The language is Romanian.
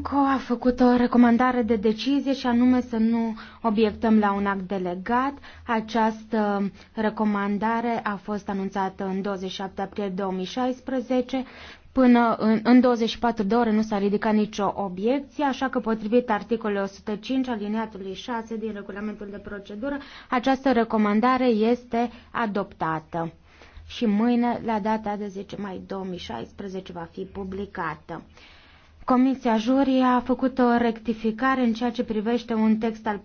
IMCO a făcut o recomandare de decizie și anume să nu obiectăm la un act delegat. Această recomandare a fost anunțată în 27 aprilie 2016. Până în, în 24 de ore nu s-a ridicat nicio obiecție, așa că potrivit articolului 105 aliniatului 6 din regulamentul de procedură, această recomandare este adoptată și mâine, la data de 10 mai 2016, va fi publicată. Comisia Jurii a făcut o rectificare în ceea ce privește un text al,